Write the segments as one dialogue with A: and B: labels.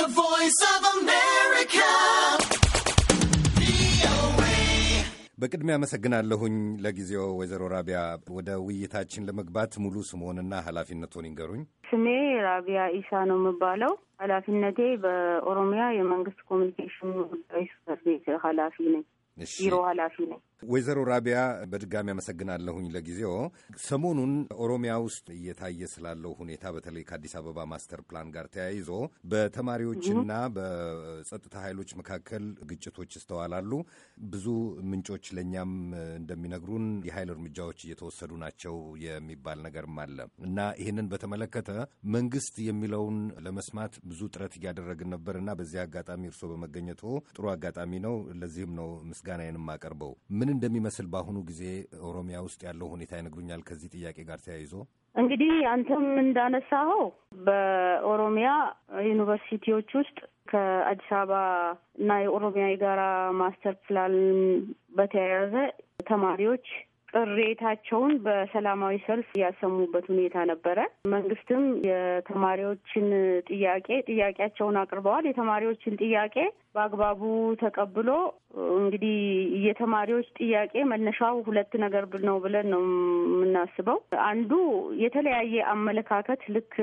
A: The Voice of America. በቅድሚያ አመሰግናለሁኝ ለጊዜው ወይዘሮ ራቢያ። ወደ ውይይታችን ለመግባት ሙሉ ስምዎንና ኃላፊነቱን ይንገሩኝ።
B: ስሜ ራቢያ ኢሳ ነው የምባለው። ኃላፊነቴ በኦሮሚያ የመንግስት ኮሚኒኬሽን ጉዳዮች ጽሕፈት ቤት ኃላፊ ነኝ፣ ቢሮ ኃላፊ ነኝ።
A: ወይዘሮ ራቢያ በድጋሚ አመሰግናለሁኝ። ለጊዜው ሰሞኑን ኦሮሚያ ውስጥ እየታየ ስላለው ሁኔታ በተለይ ከአዲስ አበባ ማስተር ፕላን ጋር ተያይዞ በተማሪዎችና በጸጥታ ኃይሎች መካከል ግጭቶች ይስተዋላሉ። ብዙ ምንጮች ለእኛም እንደሚነግሩን የኃይል እርምጃዎች እየተወሰዱ ናቸው የሚባል ነገርም አለ እና ይህንን በተመለከተ መንግስት የሚለውን ለመስማት ብዙ ጥረት እያደረግን ነበር እና በዚህ አጋጣሚ እርስዎ በመገኘቱ ጥሩ አጋጣሚ ነው። ለዚህም ነው ምስጋናዬን አቀርበው። ምን እንደሚመስል በአሁኑ ጊዜ ኦሮሚያ ውስጥ ያለው ሁኔታ ይነግሩኛል። ከዚህ ጥያቄ ጋር ተያይዞ
B: እንግዲህ አንተም እንዳነሳኸው በኦሮሚያ ዩኒቨርሲቲዎች ውስጥ ከአዲስ አበባ እና የኦሮሚያ የጋራ ማስተር ፕላን በተያያዘ ተማሪዎች ቅሬታቸውን በሰላማዊ ሰልፍ ያሰሙበት ሁኔታ ነበረ። መንግስትም የተማሪዎችን ጥያቄ ጥያቄያቸውን አቅርበዋል። የተማሪዎችን ጥያቄ በአግባቡ ተቀብሎ እንግዲህ የተማሪዎች ጥያቄ መነሻው ሁለት ነገር ነው ብለን ነው የምናስበው። አንዱ የተለያየ አመለካከት ልክ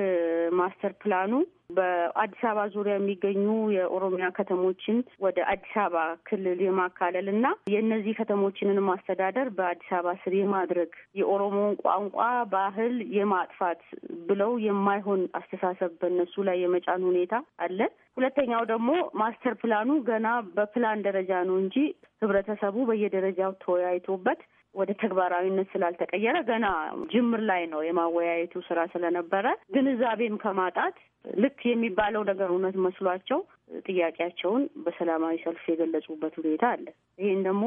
B: ማስተር ፕላኑ በአዲስ አበባ ዙሪያ የሚገኙ የኦሮሚያ ከተሞችን ወደ አዲስ አበባ ክልል የማካለል እና የእነዚህ ከተሞችንን ማስተዳደር በአዲስ አበባ ስር የማድረግ የኦሮሞን ቋንቋ ባህል የማጥፋት ብለው የማይሆን አስተሳሰብ በእነሱ ላይ የመጫን ሁኔታ አለ። ሁለተኛው ደግሞ ማስተር ፕላ ፕላኑ ገና በፕላን ደረጃ ነው እንጂ ህብረተሰቡ በየደረጃው ተወያይቶበት ወደ ተግባራዊነት ስላልተቀየረ ገና ጅምር ላይ ነው የማወያየቱ ስራ ስለነበረ ግንዛቤም ከማጣት ልክ የሚባለው ነገር እውነት መስሏቸው ጥያቄያቸውን በሰላማዊ ሰልፍ የገለጹበት ሁኔታ አለ። ይህን ደግሞ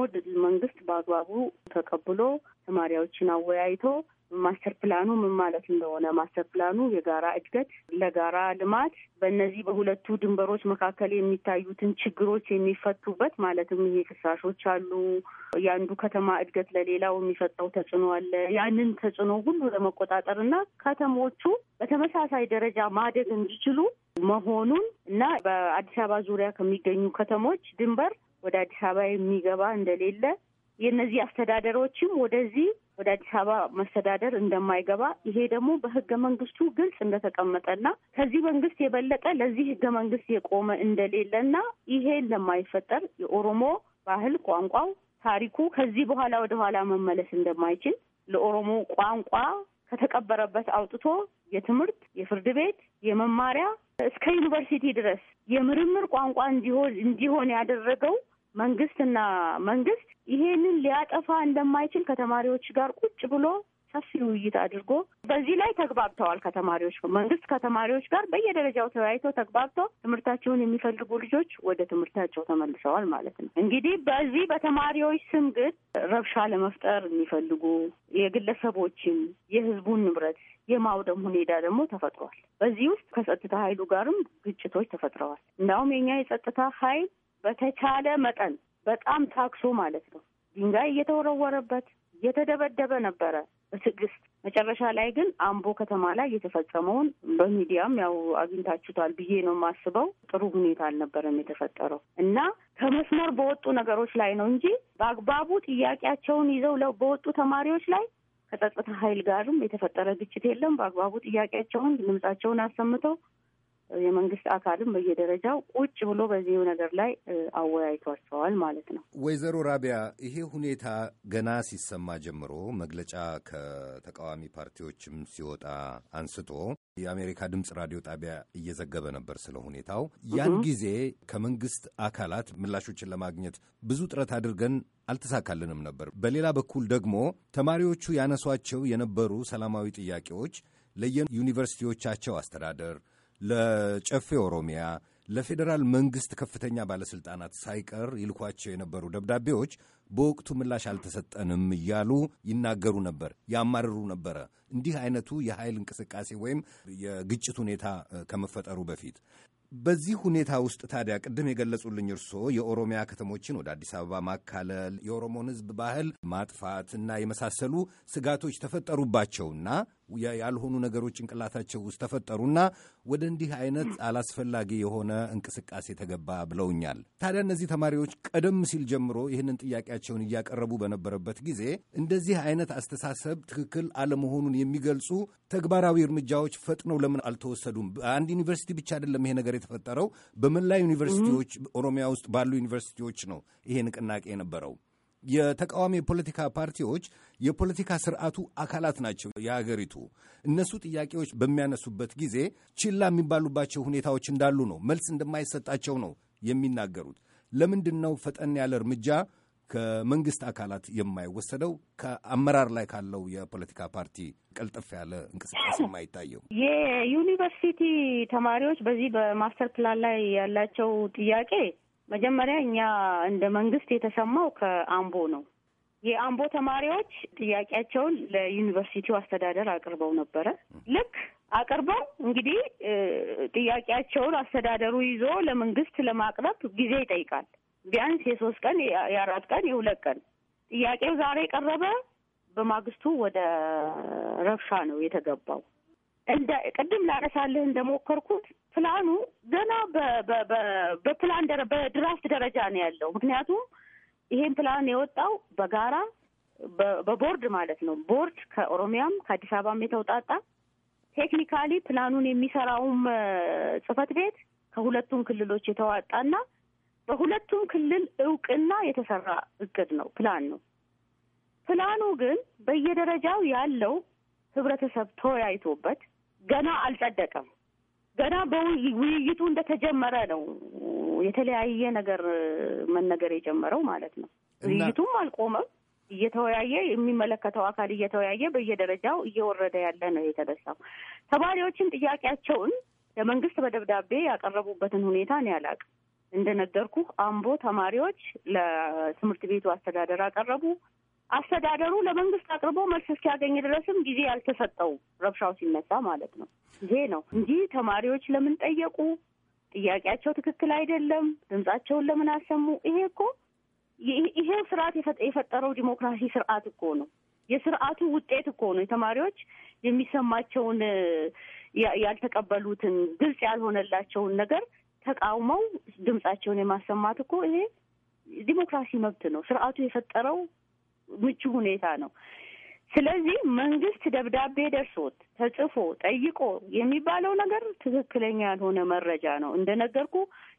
B: መንግስት በአግባቡ ተቀብሎ ተማሪዎችን አወያይቶ ማስተር ፕላኑ ምን ማለት እንደሆነ ማስተር ፕላኑ የጋራ እድገት ለጋራ ልማት በእነዚህ በሁለቱ ድንበሮች መካከል የሚታዩትን ችግሮች የሚፈቱበት ማለትም ይሄ ፍሳሾች አሉ፣ የአንዱ ከተማ እድገት ለሌላው የሚፈጠው ተጽዕኖ አለ። ያንን ተጽዕኖ ሁሉ ለመቆጣጠር እና ከተሞቹ በተመሳሳይ ደረጃ ማደግ እንዲችሉ መሆኑን እና በአዲስ አበባ ዙሪያ ከሚገኙ ከተሞች ድንበር ወደ አዲስ አበባ የሚገባ እንደሌለ የእነዚህ አስተዳደሮችም ወደዚህ ወደ አዲስ አበባ መስተዳደር እንደማይገባ ይሄ ደግሞ በህገ መንግስቱ ግልጽ እንደተቀመጠና ከዚህ መንግስት የበለጠ ለዚህ ህገ መንግስት የቆመ እንደሌለና ይሄ ለማይፈጠር የኦሮሞ ባህል ቋንቋው፣ ታሪኩ ከዚህ በኋላ ወደኋላ መመለስ እንደማይችል ለኦሮሞ ቋንቋ ከተቀበረበት አውጥቶ የትምህርት የፍርድ ቤት የመማሪያ እስከ ዩኒቨርሲቲ ድረስ የምርምር ቋንቋ እንዲሆን እንዲሆን ያደረገው መንግስትና መንግስት ይሄንን ሊያጠፋ እንደማይችል ከተማሪዎች ጋር ቁጭ ብሎ ሰፊ ውይይት አድርጎ በዚህ ላይ ተግባብተዋል። ከተማሪዎች መንግስት ከተማሪዎች ጋር በየደረጃው ተወያይቶ ተግባብቶ ትምህርታቸውን የሚፈልጉ ልጆች ወደ ትምህርታቸው ተመልሰዋል ማለት ነው። እንግዲህ በዚህ በተማሪዎች ስም ግን ረብሻ ለመፍጠር የሚፈልጉ የግለሰቦችን የህዝቡን ንብረት የማውደም ሁኔታ ደግሞ ተፈጥሯል። በዚህ ውስጥ ከጸጥታ ኃይሉ ጋርም ግጭቶች ተፈጥረዋል። እንዳውም የኛ የጸጥታ ኃይል በተቻለ መጠን በጣም ታክሶ ማለት ነው ድንጋይ እየተወረወረበት እየተደበደበ ነበረ በትዕግስት መጨረሻ ላይ ግን አምቦ ከተማ ላይ የተፈጸመውን በሚዲያም ያው አግኝታችሁታል ብዬ ነው የማስበው። ጥሩ ሁኔታ አልነበረም የተፈጠረው እና ከመስመር በወጡ ነገሮች ላይ ነው እንጂ በአግባቡ ጥያቄያቸውን ይዘው በወጡ ተማሪዎች ላይ ከጸጥታ ኃይል ጋርም የተፈጠረ ግጭት የለም። በአግባቡ ጥያቄያቸውን ድምጻቸውን አሰምተው የመንግስት አካልም በየደረጃው ቁጭ ብሎ በዚሁ ነገር ላይ አወያይቷቸዋል ማለት ነው።
A: ወይዘሮ ራቢያ ይሄ ሁኔታ ገና ሲሰማ ጀምሮ መግለጫ ከተቃዋሚ ፓርቲዎችም ሲወጣ አንስቶ የአሜሪካ ድምፅ ራዲዮ ጣቢያ እየዘገበ ነበር ስለ ሁኔታው። ያን ጊዜ ከመንግስት አካላት ምላሾችን ለማግኘት ብዙ ጥረት አድርገን አልተሳካልንም ነበር። በሌላ በኩል ደግሞ ተማሪዎቹ ያነሷቸው የነበሩ ሰላማዊ ጥያቄዎች ለየዩኒቨርሲቲዎቻቸው አስተዳደር ለጨፌ ኦሮሚያ ለፌዴራል መንግስት ከፍተኛ ባለስልጣናት ሳይቀር ይልኳቸው የነበሩ ደብዳቤዎች በወቅቱ ምላሽ አልተሰጠንም እያሉ ይናገሩ ነበር፣ ያማርሩ ነበረ። እንዲህ አይነቱ የኃይል እንቅስቃሴ ወይም የግጭት ሁኔታ ከመፈጠሩ በፊት በዚህ ሁኔታ ውስጥ ታዲያ ቅድም የገለጹልኝ እርስዎ የኦሮሚያ ከተሞችን ወደ አዲስ አበባ ማካለል፣ የኦሮሞን ሕዝብ ባህል ማጥፋት እና የመሳሰሉ ስጋቶች ተፈጠሩባቸውና ያልሆኑ ነገሮች እንቅላታቸው ውስጥ ተፈጠሩና ወደ እንዲህ አይነት አላስፈላጊ የሆነ እንቅስቃሴ ተገባ ብለውኛል። ታዲያ እነዚህ ተማሪዎች ቀደም ሲል ጀምሮ ይህንን ጥያቄያቸውን እያቀረቡ በነበረበት ጊዜ እንደዚህ አይነት አስተሳሰብ ትክክል አለመሆኑን የሚገልጹ ተግባራዊ እርምጃዎች ፈጥነው ለምን አልተወሰዱም? በአንድ ዩኒቨርሲቲ ብቻ አይደለም ይሄ ነገር የተፈጠረው በመላ ዩኒቨርሲቲዎች ኦሮሚያ ውስጥ ባሉ ዩኒቨርሲቲዎች ነው ይሄ ንቅናቄ የነበረው። የተቃዋሚ የፖለቲካ ፓርቲዎች የፖለቲካ ስርዓቱ አካላት ናቸው የአገሪቱ። እነሱ ጥያቄዎች በሚያነሱበት ጊዜ ችላ የሚባሉባቸው ሁኔታዎች እንዳሉ ነው፣ መልስ እንደማይሰጣቸው ነው የሚናገሩት። ለምንድን ነው ፈጠን ያለ እርምጃ ከመንግስት አካላት የማይወሰደው ከአመራር ላይ ካለው የፖለቲካ ፓርቲ ቀልጠፍ ያለ እንቅስቃሴ የማይታየው
B: የዩኒቨርሲቲ ተማሪዎች በዚህ በማስተር ፕላን ላይ ያላቸው ጥያቄ መጀመሪያ እኛ እንደ መንግስት የተሰማው ከአምቦ ነው። የአምቦ ተማሪዎች ጥያቄያቸውን ለዩኒቨርሲቲው አስተዳደር አቅርበው ነበረ። ልክ አቅርበው እንግዲህ ጥያቄያቸውን አስተዳደሩ ይዞ ለመንግስት ለማቅረብ ጊዜ ይጠይቃል። ቢያንስ የሶስት ቀን የአራት ቀን የሁለት ቀን ጥያቄው ዛሬ ቀረበ። በማግስቱ ወደ ረብሻ ነው የተገባው። እንደ ቅድም ላነሳልህ እንደሞከርኩት ፕላኑ ገና በፕላን በድራፍት ደረጃ ነው ያለው። ምክንያቱም ይሄን ፕላን የወጣው በጋራ በቦርድ ማለት ነው። ቦርድ ከኦሮሚያም ከአዲስ አበባም የተውጣጣ ቴክኒካሊ ፕላኑን የሚሰራውም ጽህፈት ቤት ከሁለቱም ክልሎች የተዋጣና በሁለቱም ክልል እውቅና የተሰራ እቅድ ነው፣ ፕላን ነው። ፕላኑ ግን በየደረጃው ያለው ህብረተሰብ ተወያይቶበት ገና አልጸደቀም። ገና በውይይቱ እንደተጀመረ ነው የተለያየ ነገር መነገር የጀመረው ማለት ነው። ውይይቱም አልቆመም። እየተወያየ የሚመለከተው አካል እየተወያየ በየደረጃው እየወረደ ያለ ነው የተነሳው። ተማሪዎችን ጥያቄያቸውን ለመንግስት በደብዳቤ ያቀረቡበትን ሁኔታ እኔ እንደነገርኩ አምቦ ተማሪዎች ለትምህርት ቤቱ አስተዳደር አቀረቡ። አስተዳደሩ ለመንግስት አቅርቦ መልስ እስኪያገኝ ድረስም ጊዜ ያልተሰጠው ረብሻው ሲነሳ ማለት ነው። ይሄ ነው እንጂ ተማሪዎች ለምን ጠየቁ? ጥያቄያቸው ትክክል አይደለም፣ ድምጻቸውን ለምን አሰሙ? ይሄ እኮ ይሄ ስርዓት የፈጠረው ዲሞክራሲ ስርዓት እኮ ነው። የስርዓቱ ውጤት እኮ ነው። የተማሪዎች የሚሰማቸውን ያልተቀበሉትን፣ ግልጽ ያልሆነላቸውን ነገር ተቃውመው ድምጻቸውን የማሰማት እኮ ይሄ ዲሞክራሲ መብት ነው። ስርዓቱ የፈጠረው ምቹ ሁኔታ ነው። ስለዚህ መንግስት ደብዳቤ ደርሶት ተጽፎ ጠይቆ የሚባለው ነገር ትክክለኛ ያልሆነ መረጃ ነው። እንደነገርኩ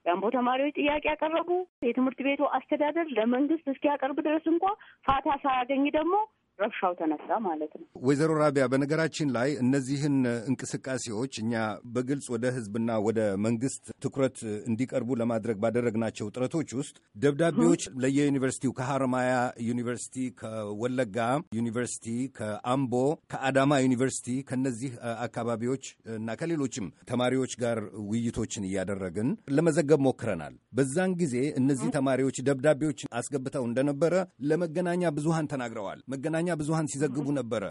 B: የአምቦ ተማሪዎች ጥያቄ ያቀረቡ የትምህርት ቤቱ አስተዳደር ለመንግስት እስኪያቀርብ ድረስ እንኳ ፋታ ሳያገኝ ደግሞ ረብሻው ተነሳ ማለት ነው።
A: ወይዘሮ ራቢያ በነገራችን ላይ እነዚህን እንቅስቃሴዎች እኛ በግልጽ ወደ ህዝብና ወደ መንግስት ትኩረት እንዲቀርቡ ለማድረግ ባደረግናቸው ጥረቶች ውስጥ ደብዳቤዎች ለየዩኒቨርሲቲው ከሐረማያ ዩኒቨርሲቲ፣ ከወለጋ ዩኒቨርሲቲ፣ ከአምቦ፣ ከአዳማ ዩኒቨርሲቲ ከነዚህ አካባቢዎች እና ከሌሎችም ተማሪዎች ጋር ውይይቶችን እያደረግን ለመዘገብ ሞክረናል። በዛን ጊዜ እነዚህ ተማሪዎች ደብዳቤዎችን አስገብተው እንደነበረ ለመገናኛ ብዙሃን ተናግረዋል። መገናኛ መገናኛ ብዙሃን ሲዘግቡ ነበረ።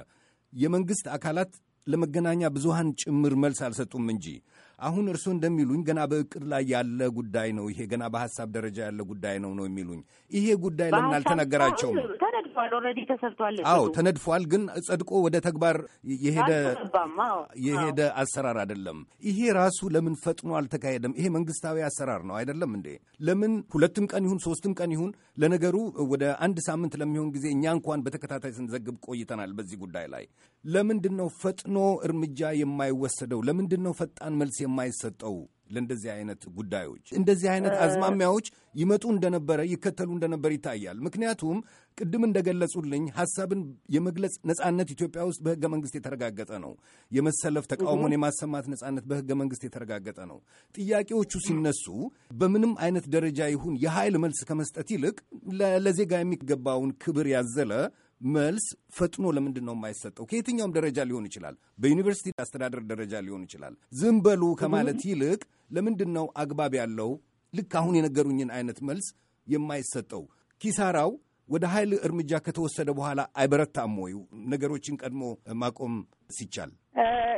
A: የመንግስት አካላት ለመገናኛ ብዙሃን ጭምር መልስ አልሰጡም እንጂ አሁን እርሱ እንደሚሉኝ ገና በእቅድ ላይ ያለ ጉዳይ ነው፣ ይሄ ገና በሀሳብ ደረጃ ያለ ጉዳይ ነው ነው የሚሉኝ። ይሄ ጉዳይ ለምን አልተነገራቸውም?
B: ተነድፏል፣ ኦልሬዲ ተሰርቷል። አዎ
A: ተነድፏል፣ ግን ጸድቆ ወደ ተግባር የሄደ የሄደ አሰራር አይደለም። ይሄ ራሱ ለምን ፈጥኖ አልተካሄደም? ይሄ መንግስታዊ አሰራር ነው አይደለም እንዴ? ለምን ሁለትም ቀን ይሁን ሶስትም ቀን ይሁን ለነገሩ ወደ አንድ ሳምንት ለሚሆን ጊዜ እኛ እንኳን በተከታታይ ስንዘግብ ቆይተናል በዚህ ጉዳይ ላይ። ለምንድን ነው ፈጥኖ እርምጃ የማይወሰደው? ለምንድን ነው ፈጣን መልስ የማይሰጠው ለእንደዚህ አይነት ጉዳዮች እንደዚህ አይነት አዝማሚያዎች ይመጡ እንደነበረ ይከተሉ እንደነበር ይታያል። ምክንያቱም ቅድም እንደገለጹልኝ ሀሳብን የመግለጽ ነጻነት ኢትዮጵያ ውስጥ በህገ መንግስት የተረጋገጠ ነው። የመሰለፍ ተቃውሞን የማሰማት ነጻነት በህገ መንግስት የተረጋገጠ ነው። ጥያቄዎቹ ሲነሱ በምንም አይነት ደረጃ ይሁን የኃይል መልስ ከመስጠት ይልቅ ለዜጋ የሚገባውን ክብር ያዘለ መልስ ፈጥኖ ለምንድን ነው የማይሰጠው? ከየትኛውም ደረጃ ሊሆን ይችላል፣ በዩኒቨርሲቲ አስተዳደር ደረጃ ሊሆን ይችላል። ዝም በሉ ከማለት ይልቅ ለምንድን ነው አግባብ ያለው ልክ አሁን የነገሩኝን አይነት መልስ የማይሰጠው? ኪሳራው ወደ ኃይል እርምጃ ከተወሰደ በኋላ አይበረታም ወይ? ነገሮችን ቀድሞ ማቆም ሲቻል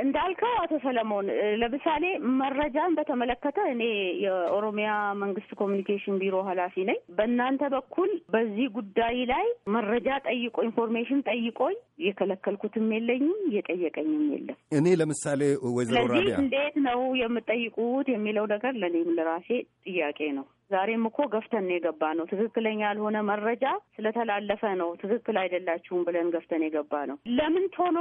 B: እንዳልከው አቶ ሰለሞን ለምሳሌ መረጃን በተመለከተ እኔ የኦሮሚያ መንግስት ኮሚኒኬሽን ቢሮ ኃላፊ ነኝ። በእናንተ በኩል በዚህ ጉዳይ ላይ መረጃ ጠይቆ ኢንፎርሜሽን ጠይቆኝ የከለከልኩትም የለኝም የጠየቀኝም የለም።
A: እኔ ለምሳሌ ወይዘሮ ራቢያ
B: እንዴት ነው የምጠይቁት የሚለው ነገር ለእኔም ለራሴ ጥያቄ ነው። ዛሬም እኮ ገፍተን የገባ ነው። ትክክለኛ ያልሆነ መረጃ ስለተላለፈ ነው ትክክል አይደላችሁም ብለን ገፍተን የገባ ነው። ለምን ቶሎ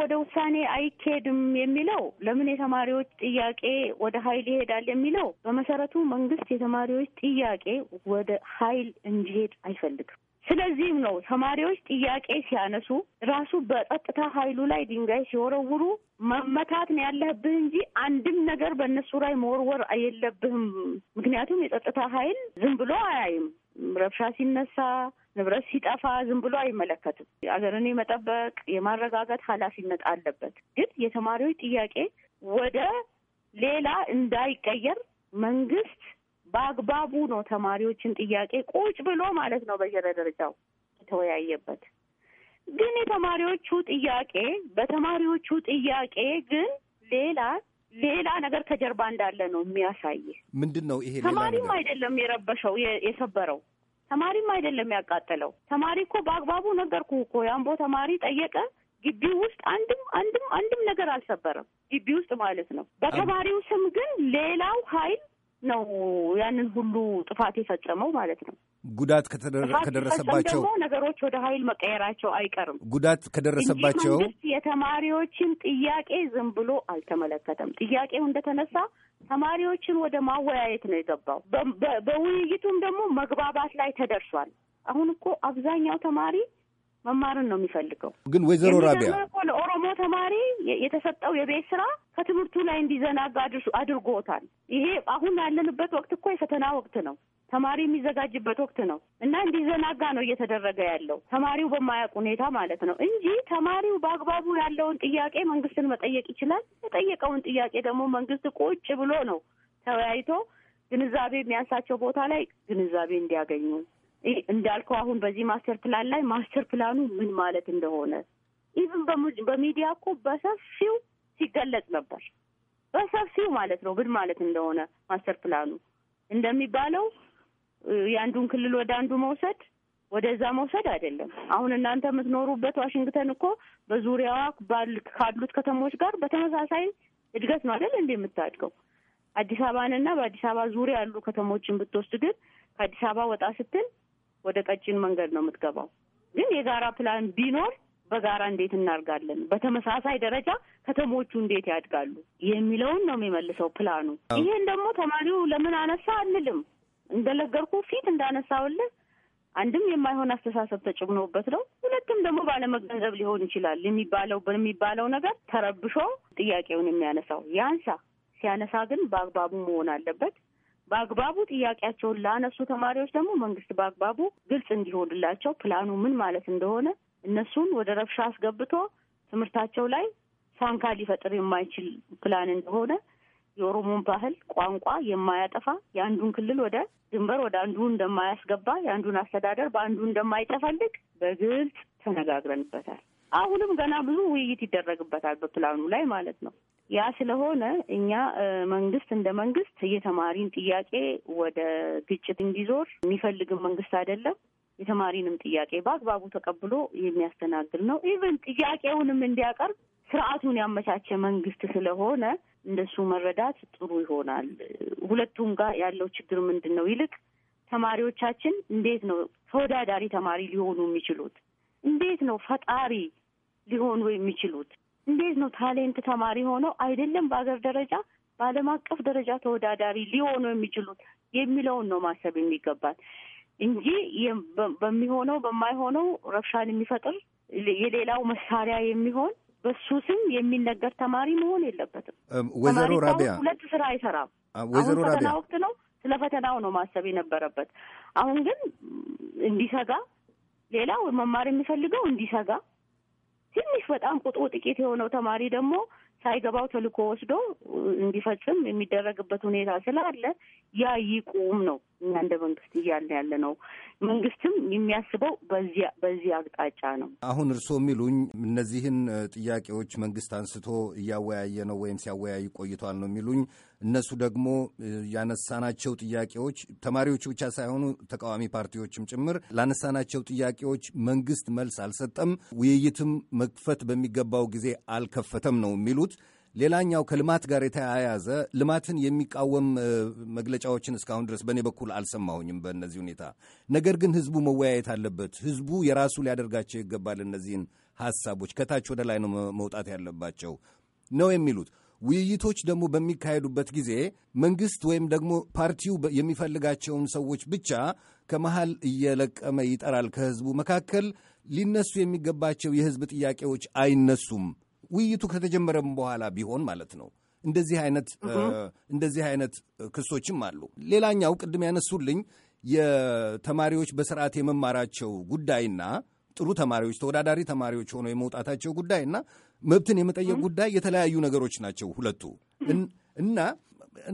B: ወደ ውሳኔ አይኬድም የሚለው ለምን የተማሪዎች ጥያቄ ወደ ኃይል ይሄዳል የሚለው በመሰረቱ መንግስት የተማሪዎች ጥያቄ ወደ ኃይል እንዲሄድ አይፈልግም። ስለዚህም ነው ተማሪዎች ጥያቄ ሲያነሱ ራሱ በጸጥታ ኃይሉ ላይ ድንጋይ ሲወረውሩ መመታት ነው ያለብህ እንጂ አንድም ነገር በእነሱ ላይ መወርወር የለብህም። ምክንያቱም የጸጥታ ኃይል ዝም ብሎ አያይም። ረብሻ ሲነሳ፣ ንብረት ሲጠፋ ዝም ብሎ አይመለከትም። አገርን የመጠበቅ የማረጋጋት ኃላፊነት አለበት። ግን የተማሪዎች ጥያቄ ወደ ሌላ እንዳይቀየር መንግስት በአግባቡ ነው ተማሪዎችን ጥያቄ ቁጭ ብሎ ማለት ነው በየረ ደረጃው የተወያየበት። ግን የተማሪዎቹ ጥያቄ በተማሪዎቹ ጥያቄ ግን ሌላ ሌላ ነገር ከጀርባ እንዳለ ነው የሚያሳይ።
A: ምንድን ነው ይሄ? ተማሪም
B: አይደለም የረበሸው የሰበረው ተማሪም አይደለም ያቃጠለው። ተማሪ እኮ በአግባቡ ነገርኩ እኮ የአምቦ ተማሪ ጠየቀ። ግቢ ውስጥ አንድም አንድም አንድም ነገር አልሰበረም፣ ግቢ ውስጥ ማለት ነው። በተማሪው ስም ግን ሌላው ኃይል ነው ያንን ሁሉ ጥፋት የፈጸመው ማለት ነው።
A: ጉዳት ከደረሰባቸው
B: ነገሮች ወደ ኃይል መቀየራቸው አይቀርም።
A: ጉዳት ከደረሰባቸው መንግስት
B: የተማሪዎችን ጥያቄ ዝም ብሎ አልተመለከተም። ጥያቄው እንደተነሳ ተማሪዎችን ወደ ማወያየት ነው የገባው። በውይይቱም ደግሞ መግባባት ላይ ተደርሷል። አሁን እኮ አብዛኛው ተማሪ መማርን ነው የሚፈልገው። ግን ወይዘሮ ራቢያ ለኦሮሞ ተማሪ የተሰጠው የቤት ስራ ከትምህርቱ ላይ እንዲዘናጋ አድርጎታል። ይሄ አሁን ያለንበት ወቅት እኮ የፈተና ወቅት ነው። ተማሪ የሚዘጋጅበት ወቅት ነው እና እንዲዘናጋ ነው እየተደረገ ያለው ተማሪው በማያውቅ ሁኔታ ማለት ነው እንጂ ተማሪው በአግባቡ ያለውን ጥያቄ መንግስትን መጠየቅ ይችላል። የጠየቀውን ጥያቄ ደግሞ መንግስት ቁጭ ብሎ ነው ተወያይቶ ግንዛቤ የሚያንሳቸው ቦታ ላይ ግንዛቤ እንዲያገኙ እንዳልከው አሁን በዚህ ማስተር ፕላን ላይ ማስተር ፕላኑ ምን ማለት እንደሆነ ኢቭን በሚዲያ እኮ በሰፊው ሲገለጽ ነበር። በሰፊው ማለት ነው ምን ማለት እንደሆነ ማስተር ፕላኑ እንደሚባለው የአንዱን ክልል ወደ አንዱ መውሰድ ወደዛ መውሰድ አይደለም። አሁን እናንተ የምትኖሩበት ዋሽንግተን እኮ በዙሪያዋ ካሉት ከተሞች ጋር በተመሳሳይ እድገት ነው አይደል እንደ የምታድገው። አዲስ አበባንና በአዲስ አበባ ዙሪያ ያሉ ከተሞችን ብትወስድ ግን ከአዲስ አበባ ወጣ ስትል ወደ ቀጭን መንገድ ነው የምትገባው። ግን የጋራ ፕላን ቢኖር በጋራ እንዴት እናርጋለን፣ በተመሳሳይ ደረጃ ከተሞቹ እንዴት ያድጋሉ የሚለውን ነው የሚመልሰው ፕላኑ። ይሄን ደግሞ ተማሪው ለምን አነሳ አንልም። እንደነገርኩ ፊት እንዳነሳውልህ አንድም የማይሆን አስተሳሰብ ተጭምኖበት ነው፣ ሁለትም ደግሞ ባለመገንዘብ ሊሆን ይችላል የሚባለው በሚባለው ነገር ተረብሾ ጥያቄውን የሚያነሳው ያንሳ። ሲያነሳ ግን በአግባቡ መሆን አለበት። በአግባቡ ጥያቄያቸውን ላነሱ ተማሪዎች ደግሞ መንግስት በአግባቡ ግልጽ እንዲሆንላቸው ፕላኑ ምን ማለት እንደሆነ እነሱን ወደ ረብሻ አስገብቶ ትምህርታቸው ላይ ሳንካ ሊፈጥር የማይችል ፕላን እንደሆነ የኦሮሞን ባህል ቋንቋ የማያጠፋ የአንዱን ክልል ወደ ድንበር ወደ አንዱ እንደማያስገባ የአንዱን አስተዳደር በአንዱ እንደማይጠፈልግ በግልጽ ተነጋግረንበታል። አሁንም ገና ብዙ ውይይት ይደረግበታል በፕላኑ ላይ ማለት ነው። ያ ስለሆነ እኛ መንግስት እንደ መንግስት የተማሪን ጥያቄ ወደ ግጭት እንዲዞር የሚፈልግም መንግስት አይደለም። የተማሪንም ጥያቄ በአግባቡ ተቀብሎ የሚያስተናግድ ነው። ኢቨን ጥያቄውንም እንዲያቀርብ ስርዓቱን ያመቻቸ መንግስት ስለሆነ እንደሱ መረዳት ጥሩ ይሆናል። ሁለቱም ጋር ያለው ችግር ምንድን ነው? ይልቅ ተማሪዎቻችን እንዴት ነው ተወዳዳሪ ተማሪ ሊሆኑ የሚችሉት? እንዴት ነው ፈጣሪ ሊሆኑ የሚችሉት? እንዴት ነው ታሌንት ተማሪ ሆነው አይደለም በሀገር ደረጃ በዓለም አቀፍ ደረጃ ተወዳዳሪ ሊሆኑ የሚችሉት የሚለውን ነው ማሰብ የሚገባት እንጂ በሚሆነው በማይሆነው ረብሻን የሚፈጥር የሌላው መሳሪያ የሚሆን በሱ ስም የሚነገር ተማሪ መሆን የለበትም። ወይዘሮ ራቢያ ሁለት ስራ አይሰራም። አሁን ፈተና ወቅት ነው። ስለ ፈተናው ነው ማሰብ የነበረበት። አሁን ግን እንዲሰጋ ሌላው መማር የሚፈልገው እንዲሰጋ ትንሽ በጣም ቁጥሩ ጥቂት የሆነው ተማሪ ደግሞ ሳይገባው ተልኮ ወስዶ እንዲፈጽም የሚደረግበት ሁኔታ ስላለ ያ ይቁም ነው እኛ እንደ መንግስት እያለ ያለ ነው። መንግስትም የሚያስበው በዚህ አቅጣጫ ነው።
A: አሁን እርስዎ የሚሉኝ እነዚህን ጥያቄዎች መንግስት አንስቶ እያወያየ ነው ወይም ሲያወያይ ቆይቷል ነው የሚሉኝ። እነሱ ደግሞ ያነሳናቸው ጥያቄዎች ተማሪዎቹ ብቻ ሳይሆኑ ተቃዋሚ ፓርቲዎችም ጭምር ላነሳናቸው ጥያቄዎች መንግስት መልስ አልሰጠም፣ ውይይትም መክፈት በሚገባው ጊዜ አልከፈተም ነው የሚሉት። ሌላኛው ከልማት ጋር የተያያዘ ልማትን የሚቃወም መግለጫዎችን እስካሁን ድረስ በእኔ በኩል አልሰማሁኝም በእነዚህ ሁኔታ። ነገር ግን ህዝቡ መወያየት አለበት። ህዝቡ የራሱ ሊያደርጋቸው ይገባል። እነዚህን ሀሳቦች ከታች ወደ ላይ ነው መውጣት ያለባቸው ነው የሚሉት። ውይይቶች ደግሞ በሚካሄዱበት ጊዜ መንግስት ወይም ደግሞ ፓርቲው የሚፈልጋቸውን ሰዎች ብቻ ከመሃል እየለቀመ ይጠራል። ከህዝቡ መካከል ሊነሱ የሚገባቸው የህዝብ ጥያቄዎች አይነሱም። ውይይቱ ከተጀመረም በኋላ ቢሆን ማለት ነው። እንደዚህ አይነት እንደዚህ አይነት ክሶችም አሉ። ሌላኛው ቅድም ያነሱልኝ የተማሪዎች በስርዓት የመማራቸው ጉዳይና ጥሩ ተማሪዎች ተወዳዳሪ ተማሪዎች ሆነው የመውጣታቸው ጉዳይና መብትን የመጠየቅ ጉዳይ የተለያዩ ነገሮች ናቸው ሁለቱ እና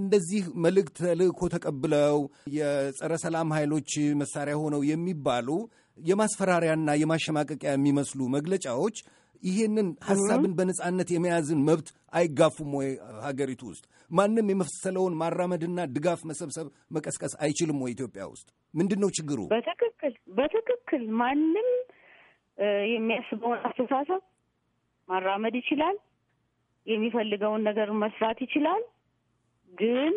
A: እንደዚህ መልእክት ተልእኮ ተቀብለው የጸረ ሰላም ኃይሎች መሳሪያ ሆነው የሚባሉ የማስፈራሪያና የማሸማቀቂያ የሚመስሉ መግለጫዎች ይሄንን ሀሳብን በነጻነት የመያዝን መብት አይጋፉም ወይ? ሀገሪቱ ውስጥ ማንም የመሰለውን ማራመድና ድጋፍ መሰብሰብ መቀስቀስ አይችልም ወይ? ኢትዮጵያ ውስጥ ምንድን ነው ችግሩ? በትክክል በትክክል ማንም
B: የሚያስበውን አስተሳሰብ ማራመድ ይችላል። የሚፈልገውን ነገር መስራት ይችላል። ግን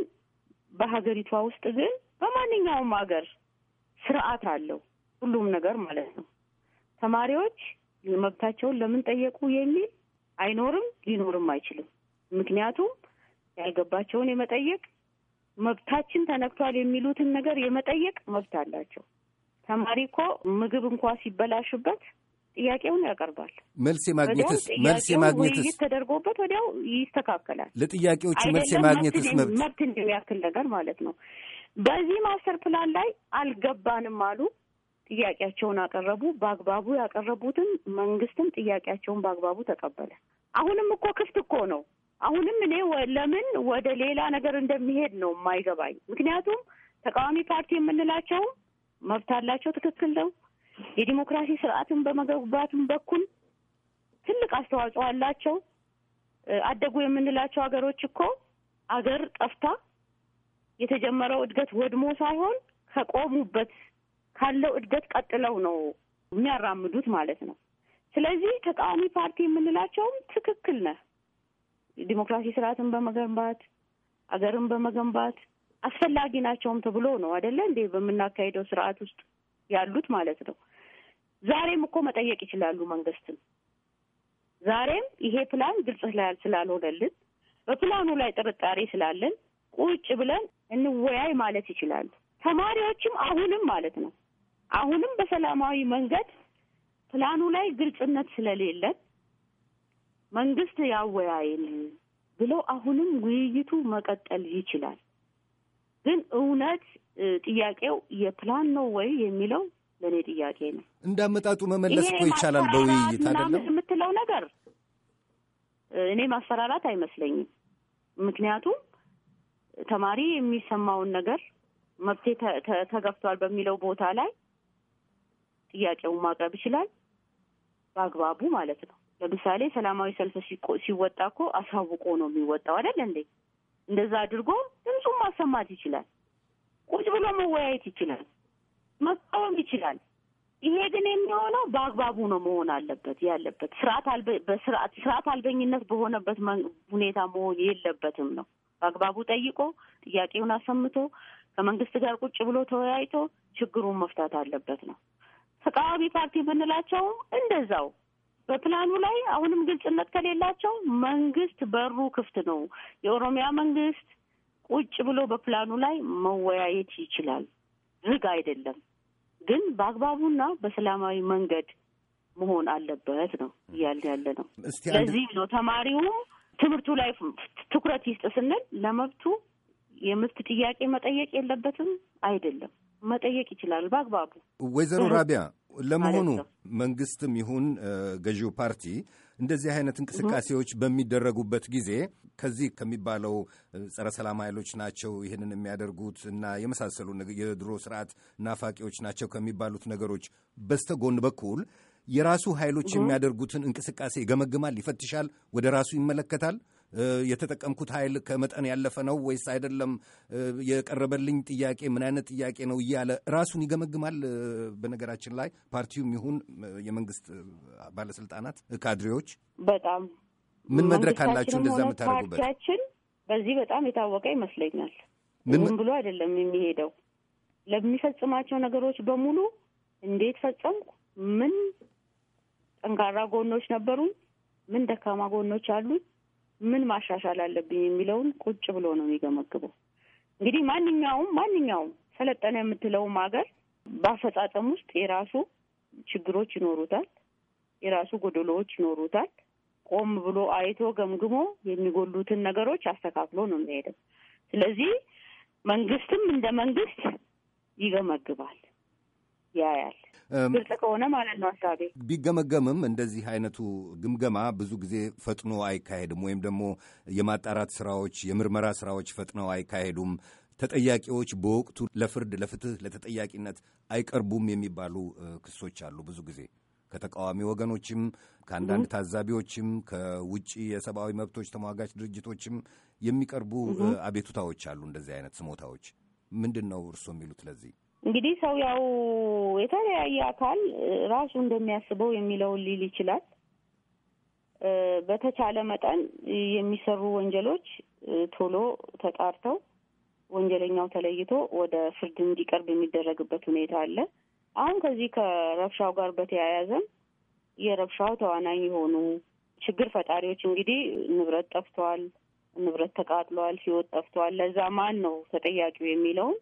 B: በሀገሪቷ ውስጥ ግን በማንኛውም ሀገር ስርዓት አለው ሁሉም ነገር ማለት ነው። ተማሪዎች መብታቸውን ለምን ጠየቁ የሚል አይኖርም፣ ሊኖርም አይችልም። ምክንያቱም ያልገባቸውን የመጠየቅ መብታችን ተነክቷል የሚሉትን ነገር የመጠየቅ መብት አላቸው። ተማሪ እኮ ምግብ እንኳ ሲበላሽበት ጥያቄውን ያቀርባል።
A: መልስ የማግኘትስ መልስ የማግኘትስ ውይይት
B: ተደርጎበት ወዲያው ይስተካከላል። ለጥያቄዎቹ መልስ የማግኘትስ መብት መብት እንደሚያክል ነገር ማለት ነው። በዚህ ማስተር ፕላን ላይ አልገባንም አሉ። ጥያቄያቸውን አቀረቡ። በአግባቡ ያቀረቡትም መንግስትም ጥያቄያቸውን በአግባቡ ተቀበለ። አሁንም እኮ ክፍት እኮ ነው። አሁንም እኔ ለምን ወደ ሌላ ነገር እንደሚሄድ ነው የማይገባኝ። ምክንያቱም ተቃዋሚ ፓርቲ የምንላቸው መብት አላቸው፣ ትክክል ነው። የዲሞክራሲ ስርዓትን በመገንባትም በኩል ትልቅ አስተዋጽኦ አላቸው። አደጉ የምንላቸው ሀገሮች እኮ አገር ጠፍታ የተጀመረው እድገት ወድሞ ሳይሆን ከቆሙበት ካለው እድገት ቀጥለው ነው የሚያራምዱት ማለት ነው። ስለዚህ ተቃዋሚ ፓርቲ የምንላቸውም ትክክል ነህ፣ ዲሞክራሲ ስርዓትን በመገንባት አገርን በመገንባት አስፈላጊ ናቸውም ተብሎ ነው አይደለ እንዴ? በምናካሄደው ስርዓት ውስጥ ያሉት ማለት ነው። ዛሬም እኮ መጠየቅ ይችላሉ መንግስትን። ዛሬም ይሄ ፕላን ግልጽ ስላልሆነልን በፕላኑ ላይ ጥርጣሬ ስላለን ቁጭ ብለን እንወያይ ማለት ይችላሉ። ተማሪዎችም አሁንም ማለት ነው አሁንም በሰላማዊ መንገድ ፕላኑ ላይ ግልጽነት ስለሌለ መንግስት ያወያይን ብሎ አሁንም ውይይቱ መቀጠል ይችላል። ግን እውነት ጥያቄው የፕላን ነው ወይ የሚለው ለእኔ ጥያቄ ነው።
A: እንዳመጣጡ መመለስ እኮ ይቻላል በውይይት አይደለም
B: የምትለው ነገር እኔ ማፈራራት አይመስለኝም። ምክንያቱም ተማሪ የሚሰማውን ነገር መብቴ ተገፍቷል በሚለው ቦታ ላይ ጥያቄውን ማቅረብ ይችላል በአግባቡ ማለት ነው። ለምሳሌ ሰላማዊ ሰልፍ ሲወጣ እኮ አሳውቆ ነው የሚወጣው አይደል እንዴ? እንደዛ አድርጎ ድምፁን ማሰማት ይችላል። ቁጭ ብሎ መወያየት ይችላል። መቃወም ይችላል። ይሄ ግን የሚሆነው በአግባቡ ነው መሆን አለበት ያለበት ስርዓት ስርዓት አልበኝነት በሆነበት ሁኔታ መሆን የለበትም ነው። በአግባቡ ጠይቆ ጥያቄውን አሰምቶ ከመንግስት ጋር ቁጭ ብሎ ተወያይቶ ችግሩን መፍታት አለበት ነው። ተቃዋሚ ፓርቲ የምንላቸው እንደዛው በፕላኑ ላይ አሁንም ግልጽነት ከሌላቸው መንግስት በሩ ክፍት ነው። የኦሮሚያ መንግስት ቁጭ ብሎ በፕላኑ ላይ መወያየት ይችላል፣ ዝግ አይደለም። ግን በአግባቡና በሰላማዊ መንገድ መሆን አለበት ነው እያልን ያለ ነው። ለዚህ ነው ተማሪው ትምህርቱ ላይ ትኩረት ይስጥ ስንል ለመብቱ የመብት ጥያቄ መጠየቅ የለበትም አይደለም መጠየቅ ይችላል በአግባቡ።
A: ወይዘሮ ራቢያ ለመሆኑ መንግስትም ይሁን ገዢው ፓርቲ እንደዚህ አይነት እንቅስቃሴዎች በሚደረጉበት ጊዜ ከዚህ ከሚባለው ጸረ ሰላም ኃይሎች ናቸው ይህንን የሚያደርጉት እና የመሳሰሉ የድሮ ስርዓት ናፋቂዎች ናቸው ከሚባሉት ነገሮች በስተጎን በኩል የራሱ ኃይሎች የሚያደርጉትን እንቅስቃሴ ይገመግማል፣ ይፈትሻል፣ ወደ ራሱ ይመለከታል። የተጠቀምኩት ኃይል ከመጠን ያለፈ ነው ወይስ አይደለም፣ የቀረበልኝ ጥያቄ ምን አይነት ጥያቄ ነው እያለ ራሱን ይገመግማል። በነገራችን ላይ ፓርቲውም ይሁን የመንግስት ባለስልጣናት ካድሬዎች በጣም ምን መድረክ አላችሁ እንደዛ የምታደርጉበት?
B: ፓርቲያችን በዚህ በጣም የታወቀ ይመስለኛል። ምን ብሎ አይደለም የሚሄደው ለሚፈጽማቸው ነገሮች በሙሉ እንዴት ፈጸምኩ፣ ምን ጠንካራ ጎኖች ነበሩኝ፣ ምን ደካማ ጎኖች አሉኝ፣ ምን ማሻሻል አለብኝ የሚለውን ቁጭ ብሎ ነው የሚገመግበው። እንግዲህ ማንኛውም ማንኛውም ሰለጠነ የምትለውም ሀገር በአፈጻጸም ውስጥ የራሱ ችግሮች ይኖሩታል፣ የራሱ ጎደሎዎች ይኖሩታል። ቆም ብሎ አይቶ ገምግሞ የሚጎሉትን ነገሮች አስተካክሎ ነው የሚሄደው። ስለዚህ መንግስትም እንደ መንግስት ይገመግባል፣
A: ያያል። ግልጽ
B: ከሆነ ማለት ነው ሀሳቤ።
A: ቢገመገምም እንደዚህ አይነቱ ግምገማ ብዙ ጊዜ ፈጥኖ አይካሄድም፣ ወይም ደግሞ የማጣራት ስራዎች፣ የምርመራ ስራዎች ፈጥነው አይካሄዱም። ተጠያቂዎች በወቅቱ ለፍርድ ለፍትህ፣ ለተጠያቂነት አይቀርቡም የሚባሉ ክሶች አሉ ብዙ ጊዜ ከተቃዋሚ ወገኖችም ከአንዳንድ ታዛቢዎችም ከውጭ የሰብአዊ መብቶች ተሟጋች ድርጅቶችም የሚቀርቡ አቤቱታዎች አሉ። እንደዚህ አይነት ስሞታዎች ምንድን ነው እርስዎ የሚሉት ለዚህ?
B: እንግዲህ ሰው ያው የተለያየ አካል ራሱ እንደሚያስበው የሚለውን ሊል ይችላል። በተቻለ መጠን የሚሰሩ ወንጀሎች ቶሎ ተጣርተው ወንጀለኛው ተለይቶ ወደ ፍርድ እንዲቀርብ የሚደረግበት ሁኔታ አለ። አሁን ከዚህ ከረብሻው ጋር በተያያዘም የረብሻው ተዋናኝ የሆኑ ችግር ፈጣሪዎች እንግዲህ ንብረት ጠፍቷል፣ ንብረት ተቃጥሏል፣ ህይወት ጠፍቷል፣ ለዛ ማን ነው ተጠያቂው የሚለውን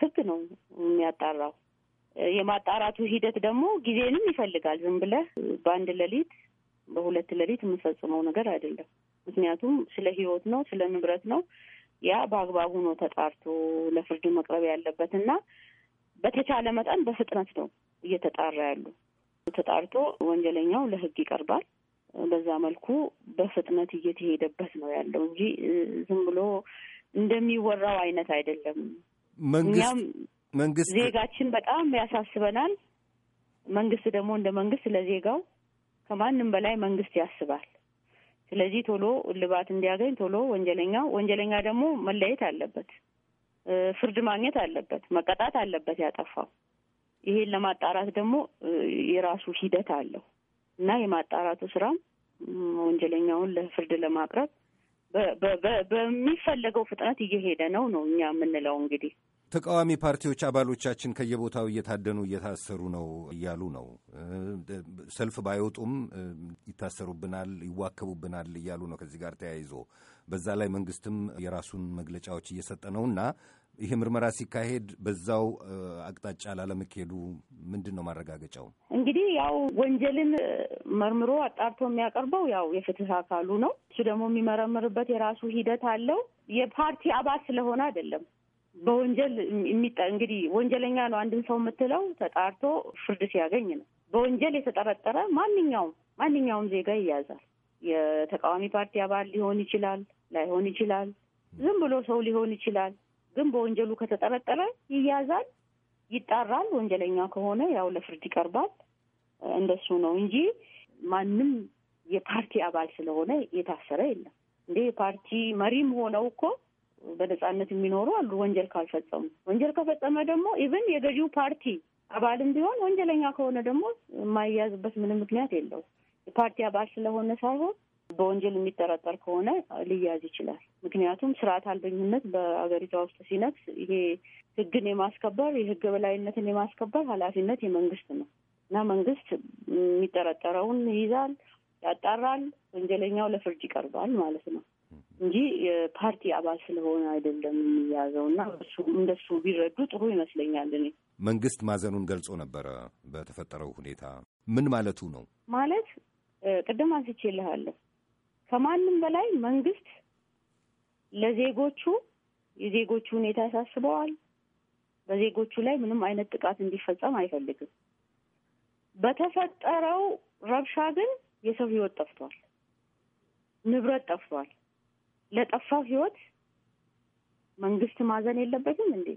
B: ህግ ነው የሚያጣራው። የማጣራቱ ሂደት ደግሞ ጊዜንም ይፈልጋል። ዝም ብለህ በአንድ ሌሊት በሁለት ሌሊት የምንፈጽመው ነገር አይደለም። ምክንያቱም ስለ ህይወት ነው፣ ስለ ንብረት ነው። ያ በአግባቡ ነው ተጣርቶ ለፍርድ መቅረብ ያለበት እና በተቻለ መጠን በፍጥነት ነው እየተጣራ ያሉ ተጣርቶ ወንጀለኛው ለህግ ይቀርባል። በዛ መልኩ በፍጥነት እየተሄደበት ነው ያለው እንጂ ዝም ብሎ እንደሚወራው አይነት አይደለም።
A: እኛም መንግስት
B: ዜጋችን በጣም ያሳስበናል። መንግስት ደግሞ እንደ መንግስት ለዜጋው ከማንም በላይ መንግስት ያስባል። ስለዚህ ቶሎ እልባት እንዲያገኝ ቶሎ ወንጀለኛው ወንጀለኛ ደግሞ መለየት አለበት፣ ፍርድ ማግኘት አለበት፣ መቀጣት አለበት ያጠፋው። ይሄን ለማጣራት ደግሞ የራሱ ሂደት አለው። እና የማጣራቱ ስራ ወንጀለኛውን ለፍርድ ለማቅረብ በሚፈለገው ፍጥነት እየሄደ ነው ነው እኛ የምንለው። እንግዲህ
A: ተቃዋሚ ፓርቲዎች አባሎቻችን ከየቦታው እየታደኑ እየታሰሩ ነው እያሉ ነው። ሰልፍ ባይወጡም ይታሰሩብናል፣ ይዋከቡብናል እያሉ ነው። ከዚህ ጋር ተያይዞ በዛ ላይ መንግስትም የራሱን መግለጫዎች እየሰጠ እና ይሄ ምርመራ ሲካሄድ በዛው አቅጣጫ ላለመካሄዱ ምንድን ነው ማረጋገጫው?
B: እንግዲህ ያው ወንጀልን መርምሮ አጣርቶ የሚያቀርበው ያው የፍትህ አካሉ ነው። እሱ ደግሞ የሚመረምርበት የራሱ ሂደት አለው። የፓርቲ አባል ስለሆነ አይደለም በወንጀል የሚጠ እንግዲህ ወንጀለኛ ነው አንድን ሰው የምትለው ተጣርቶ ፍርድ ሲያገኝ ነው። በወንጀል የተጠረጠረ ማንኛውም ማንኛውም ዜጋ ይያዛል። የተቃዋሚ ፓርቲ አባል ሊሆን ይችላል፣ ላይሆን ይችላል፣ ዝም ብሎ ሰው ሊሆን ይችላል። ግን በወንጀሉ ከተጠረጠረ ይያዛል፣ ይጣራል። ወንጀለኛ ከሆነ ያው ለፍርድ ይቀርባል። እንደሱ ነው እንጂ ማንም የፓርቲ አባል ስለሆነ የታሰረ የለም። እንደ የፓርቲ መሪም ሆነው እኮ በነጻነት የሚኖሩ አሉ፣ ወንጀል ካልፈጸሙ። ወንጀል ከፈጸመ ደግሞ ኢቨን የገዢው ፓርቲ አባልም ቢሆን ወንጀለኛ ከሆነ ደግሞ የማይያዝበት ምንም ምክንያት የለው የፓርቲ አባል ስለሆነ ሳይሆን በወንጀል የሚጠረጠር ከሆነ ሊያዝ ይችላል። ምክንያቱም ስርዓት አልበኝነት በአገሪቷ ውስጥ ሲነግስ ይሄ ህግን የማስከበር የህግ በላይነትን የማስከበር ኃላፊነት የመንግስት ነው እና መንግስት የሚጠረጠረውን ይይዛል፣ ያጣራል፣ ወንጀለኛው ለፍርድ ይቀርባል ማለት ነው እንጂ የፓርቲ አባል ስለሆነ አይደለም የሚያዘው እና እንደሱ ቢረዱ ጥሩ ይመስለኛል። እኔ
A: መንግስት ማዘኑን ገልጾ ነበረ በተፈጠረው ሁኔታ ምን ማለቱ ነው
B: ማለት ቅድም አንስቼልሃለሁ ከማንም በላይ መንግስት ለዜጎቹ የዜጎቹ ሁኔታ ያሳስበዋል። በዜጎቹ ላይ ምንም አይነት ጥቃት እንዲፈጸም አይፈልግም። በተፈጠረው ረብሻ ግን የሰው ህይወት ጠፍቷል፣ ንብረት ጠፍቷል። ለጠፋው ህይወት መንግስት ማዘን የለበትም እንዴ?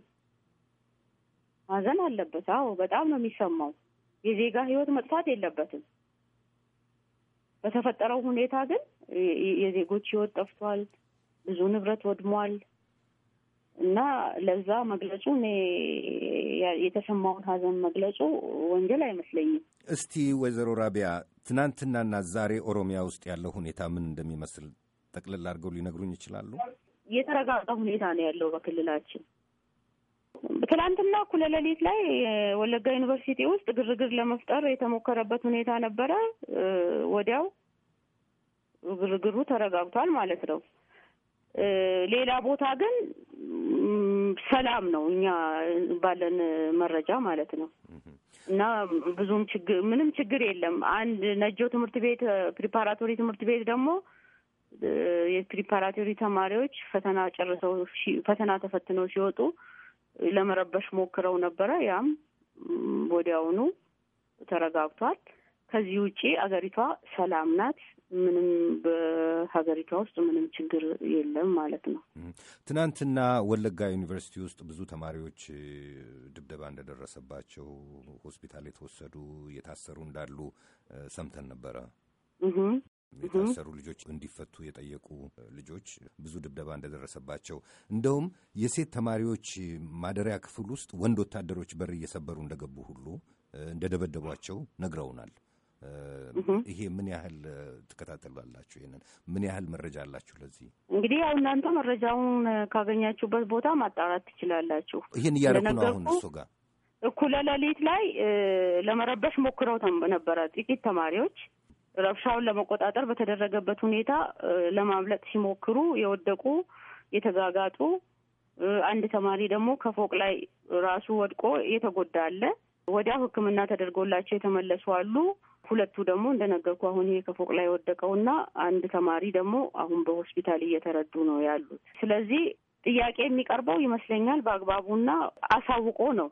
B: ማዘን አለበት። አዎ፣ በጣም ነው የሚሰማው። የዜጋ ህይወት መጥፋት የለበትም። በተፈጠረው ሁኔታ ግን የዜጎች ህይወት ጠፍቷል፣ ብዙ ንብረት ወድሟል እና ለዛ መግለጹ እኔ የተሰማውን ሀዘን መግለጹ ወንጀል አይመስለኝም።
A: እስቲ ወይዘሮ ራቢያ ትናንትናና ዛሬ ኦሮሚያ ውስጥ ያለው ሁኔታ ምን እንደሚመስል ጠቅልል አድርገው ሊነግሩኝ ይችላሉ?
B: የተረጋጋ ሁኔታ ነው ያለው በክልላችን ትላንትና እኩለ ሌሊት ላይ ወለጋ ዩኒቨርሲቲ ውስጥ ግርግር ለመፍጠር የተሞከረበት ሁኔታ ነበረ። ወዲያው ግርግሩ ተረጋግቷል ማለት ነው። ሌላ ቦታ ግን ሰላም ነው፣ እኛ ባለን መረጃ ማለት ነው። እና ብዙም ችግር ምንም ችግር የለም። አንድ ነጆ ትምህርት ቤት ፕሪፓራቶሪ ትምህርት ቤት ደግሞ የፕሪፓራቶሪ ተማሪዎች ፈተና ጨርሰው ፈተና ተፈትነው ሲወጡ ለመረበሽ ሞክረው ነበረ። ያም ወዲያውኑ ተረጋግቷል። ከዚህ ውጪ አገሪቷ ሰላም ናት። ምንም በሀገሪቷ ውስጥ ምንም ችግር የለም ማለት ነው።
A: ትናንትና ወለጋ ዩኒቨርሲቲ ውስጥ ብዙ ተማሪዎች ድብደባ እንደደረሰባቸው ሆስፒታል የተወሰዱ የታሰሩ እንዳሉ ሰምተን ነበረ። የታሰሩ ልጆች እንዲፈቱ የጠየቁ ልጆች ብዙ ድብደባ እንደደረሰባቸው እንደውም የሴት ተማሪዎች ማደሪያ ክፍል ውስጥ ወንድ ወታደሮች በር እየሰበሩ እንደገቡ ሁሉ እንደደበደቧቸው ነግረውናል። ይሄ ምን ያህል ትከታተሏላችሁ? ይሄንን ምን ያህል መረጃ አላችሁ? ለዚህ
B: እንግዲህ ያው እናንተ መረጃውን ካገኛችሁበት ቦታ ማጣራት ትችላላችሁ። ይህን እያደረኩ ነው አሁን እሱ ጋር እኩለ ሌሊት ላይ ለመረበሽ ሞክረው ነበረ ጥቂት ተማሪዎች ረብሻውን ለመቆጣጠር በተደረገበት ሁኔታ ለማምለጥ ሲሞክሩ የወደቁ የተጋጋጡ፣ አንድ ተማሪ ደግሞ ከፎቅ ላይ ራሱ ወድቆ የተጎዳ አለ። ወዲያው ሕክምና ተደርጎላቸው የተመለሱ አሉ። ሁለቱ ደግሞ እንደነገርኩ አሁን ይሄ ከፎቅ ላይ የወደቀውና አንድ ተማሪ ደግሞ አሁን በሆስፒታል እየተረዱ ነው ያሉት። ስለዚህ ጥያቄ የሚቀርበው ይመስለኛል በአግባቡና አሳውቆ ነው።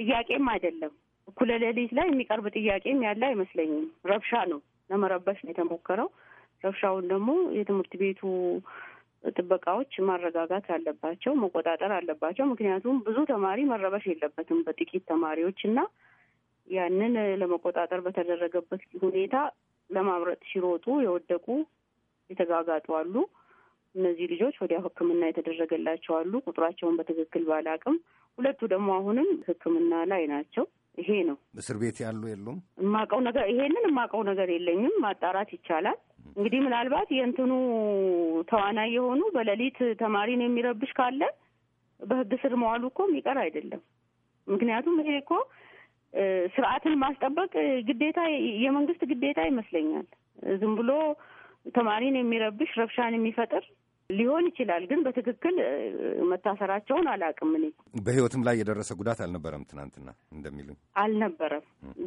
B: ጥያቄም አይደለም እኩለ ሌሊት ላይ የሚቀርብ ጥያቄም ያለ አይመስለኝም። ረብሻ ነው። ለመረበሽ ነው የተሞከረው። ረብሻውን ደግሞ የትምህርት ቤቱ ጥበቃዎች ማረጋጋት አለባቸው፣ መቆጣጠር አለባቸው። ምክንያቱም ብዙ ተማሪ መረበሽ የለበትም በጥቂት ተማሪዎች እና ያንን ለመቆጣጠር በተደረገበት ሁኔታ ለማምረጥ ሲሮጡ የወደቁ የተጋጋጡ አሉ። እነዚህ ልጆች ወዲያው ሕክምና የተደረገላቸው አሉ። ቁጥራቸውን በትክክል ባለ አቅም ሁለቱ ደግሞ አሁንም ሕክምና ላይ ናቸው። ይሄ ነው።
A: እስር ቤት ያሉ የሉም።
B: የማውቀው ነገር ይሄንን የማውቀው ነገር የለኝም። ማጣራት ይቻላል እንግዲህ ምናልባት የእንትኑ ተዋናይ የሆኑ በሌሊት ተማሪን የሚረብሽ ካለ በህግ ስር መዋሉ እኮ የሚቀር አይደለም። ምክንያቱም ይሄ እኮ ስርዓትን ማስጠበቅ ግዴታ የመንግስት ግዴታ ይመስለኛል። ዝም ብሎ ተማሪን የሚረብሽ ረብሻን የሚፈጥር ሊሆን ይችላል፣ ግን በትክክል መታሰራቸውን አላውቅም። እኔ
A: በህይወትም ላይ የደረሰ ጉዳት አልነበረም። ትናንትና እንደሚሉኝ
B: አልነበረም።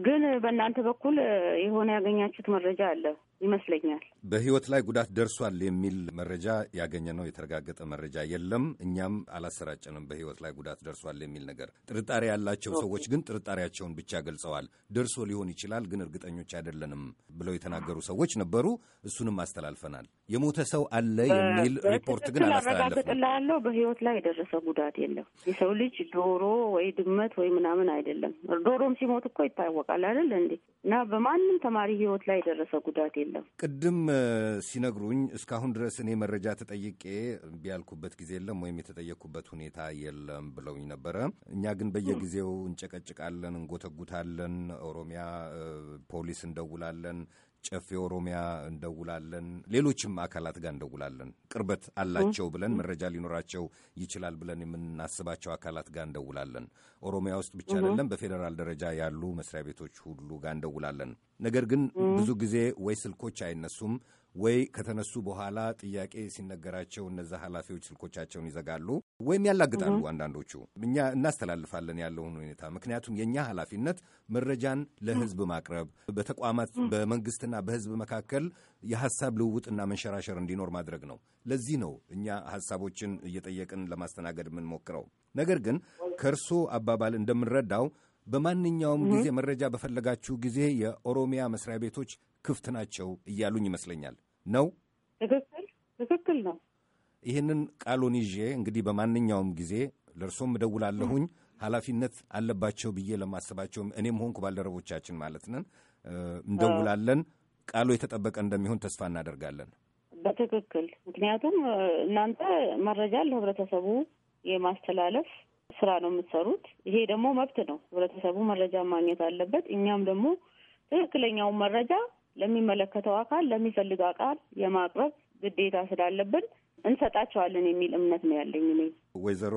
B: ግን በእናንተ በኩል የሆነ ያገኛችሁት መረጃ አለ? ይመስለኛል።
A: በህይወት ላይ ጉዳት ደርሷል የሚል መረጃ ያገኘ ነው የተረጋገጠ መረጃ የለም። እኛም አላሰራጨንም። በህይወት ላይ ጉዳት ደርሷል የሚል ነገር ጥርጣሬ ያላቸው ሰዎች ግን ጥርጣሬያቸውን ብቻ ገልጸዋል። ደርሶ ሊሆን ይችላል ግን እርግጠኞች አይደለንም ብለው የተናገሩ ሰዎች ነበሩ። እሱንም አስተላልፈናል። የሞተ ሰው አለ የሚል ሪፖርት ግን አላስተላለፍንም።
B: በህይወት ላይ የደረሰ ጉዳት የለም። የሰው ልጅ ዶሮ ወይ ድመት ወይ ምናምን አይደለም። ዶሮም ሲሞት እኮ ይታወቃል አይደል እንዴ? እና በማንም ተማሪ ህይወት ላይ የደረሰ ጉዳት የለም።
A: ቅድም ሲነግሩኝ እስካሁን ድረስ እኔ መረጃ ተጠይቄ ቢያልኩበት ጊዜ የለም ወይም የተጠየቅኩበት ሁኔታ የለም ብለውኝ ነበረ። እኛ ግን በየጊዜው እንጨቀጭቃለን፣ እንጎተጉታለን፣ ኦሮሚያ ፖሊስ እንደውላለን፣ ጨፌ ኦሮሚያ እንደውላለን፣ ሌሎችም አካላት ጋር እንደውላለን። ቅርበት አላቸው ብለን መረጃ ሊኖራቸው ይችላል ብለን የምናስባቸው አካላት ጋር እንደውላለን። ኦሮሚያ ውስጥ ብቻ አይደለም፣ በፌዴራል ደረጃ ያሉ መስሪያ ቤቶች ሁሉ ጋር እንደውላለን። ነገር ግን ብዙ ጊዜ ወይ ስልኮች አይነሱም ወይ ከተነሱ በኋላ ጥያቄ ሲነገራቸው እነዛ ኃላፊዎች ስልኮቻቸውን ይዘጋሉ ወይም ያላግጣሉ። አንዳንዶቹ እኛ እናስተላልፋለን ያለውን ሁኔታ። ምክንያቱም የእኛ ኃላፊነት መረጃን ለሕዝብ ማቅረብ፣ በተቋማት በመንግስትና በሕዝብ መካከል የሀሳብ ልውውጥና መንሸራሸር እንዲኖር ማድረግ ነው። ለዚህ ነው እኛ ሀሳቦችን እየጠየቅን ለማስተናገድ የምንሞክረው። ነገር ግን ከእርሶ አባባል እንደምንረዳው በማንኛውም ጊዜ መረጃ በፈለጋችሁ ጊዜ የኦሮሚያ መስሪያ ቤቶች ክፍት ናቸው እያሉኝ ይመስለኛል። ነው።
B: ትክክል ትክክል ነው።
A: ይህንን ቃሉን ይዤ እንግዲህ በማንኛውም ጊዜ ለእርሶም እደውላለሁኝ ኃላፊነት አለባቸው ብዬ ለማስባቸውም እኔም ሆንኩ ባልደረቦቻችን ማለት ነን እንደውላለን። ቃሉ የተጠበቀ እንደሚሆን ተስፋ እናደርጋለን።
B: በትክክል ምክንያቱም እናንተ መረጃ ለህብረተሰቡ የማስተላለፍ ስራ ነው የምትሰሩት። ይሄ ደግሞ መብት ነው። ህብረተሰቡ መረጃ ማግኘት አለበት። እኛም ደግሞ ትክክለኛውን መረጃ ለሚመለከተው አካል ለሚፈልገው አካል የማቅረብ ግዴታ ስላለብን እንሰጣቸዋለን የሚል እምነት ነው ያለኝ እኔ።
A: ወይዘሮ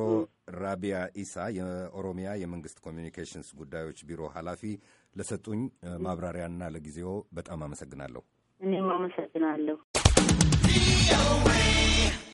A: ራቢያ ኢሳ የኦሮሚያ የመንግስት ኮሚኒኬሽንስ ጉዳዮች ቢሮ ኃላፊ ለሰጡኝ ማብራሪያና ለጊዜው በጣም አመሰግናለሁ።
B: እኔም አመሰግናለሁ።